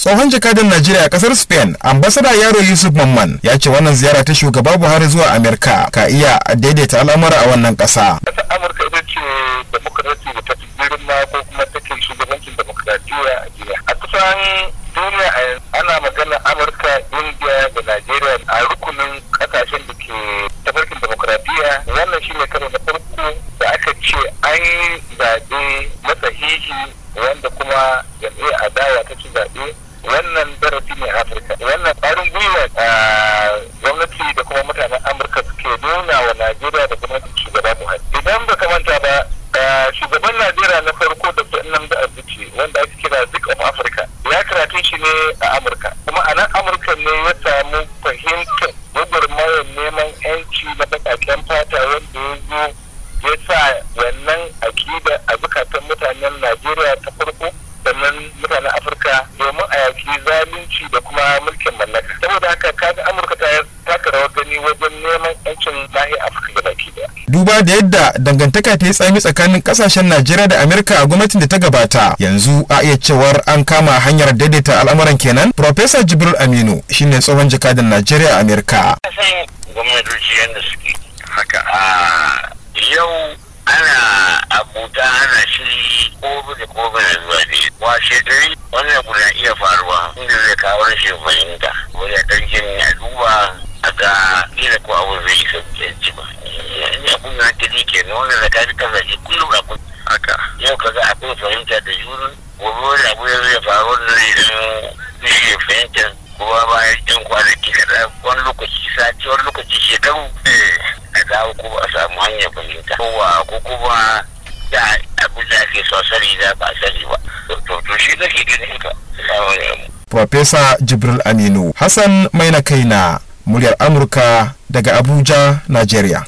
tsohon jakadan najeriya a kasar spain ambasada yaro yusuf mamman ya ce wannan ziyara ta shugaba buhari zuwa amerika ka iya daidaita al'amura a wannan kasa amurka ita ce demokrasi da ta fi girma ko kuma take shugabancin demokradiyya a jiya a kusan duniya ana magana amurka india da najeriya a rukunin kasashen da ke tafarkin demokradiyya wannan shine karo na farko da aka ce an yi zaɓe masahihi wanda kuma jam'iyyar adawa ta ci zaɓe wannan darasi ne afirka wannan tsarin gwiwa a gwamnati da kuma mutanen amurka suke nuna wa najeriya da kuma shugaba buhari idan ba manta ba shugaban najeriya na farko da nan da arziki wanda ake kira zik of africa ya karatun shi ne a amurka kuma a nan amurka ne ya samu fahimtar gwagwarmayar neman yanci na baƙaƙen fata wanda ya zo ya sa wannan akida a zukatan mutanen najeriya ta da kuma mulkin mallaka saboda haka kaga amurka ta taka rawar gani wajen neman yancin nahiyar afirka da baki daya duba da yadda dangantaka ta yi tsami tsakanin kasashen najeriya da amurka a gwamnatin da ta gabata yanzu a iya cewar an kama hanyar daidaita al'amuran kenan professor jibril aminu shine tsohon jakadan najeriya a amurka a yau ana abuta ana shiri ko da ko na zuwa ne washe dare wannan guda zai balinga wani a ɗan jini a duba a ga kila ko abu zai yi sauƙi ba ni abun na ta ji kenan wani da ka ji ka zaje kullum a kun haka yau ka ga akwai fahimta da yuri gobe wani abu ya zai faru da zai ɗan zai fahimta kuma bayan ɗan kwana kwanaki kaɗan wani lokaci sati wani lokaci shekaru eh. a dawo ko ba a samu hanyar fahimta kowa ko kuma da abin da ake so sani da ba sani ba to shi nake ganin ka Profesa Jibril Aminu. Hassan Maina Kaina, muryar Amurka daga Abuja, Najeriya.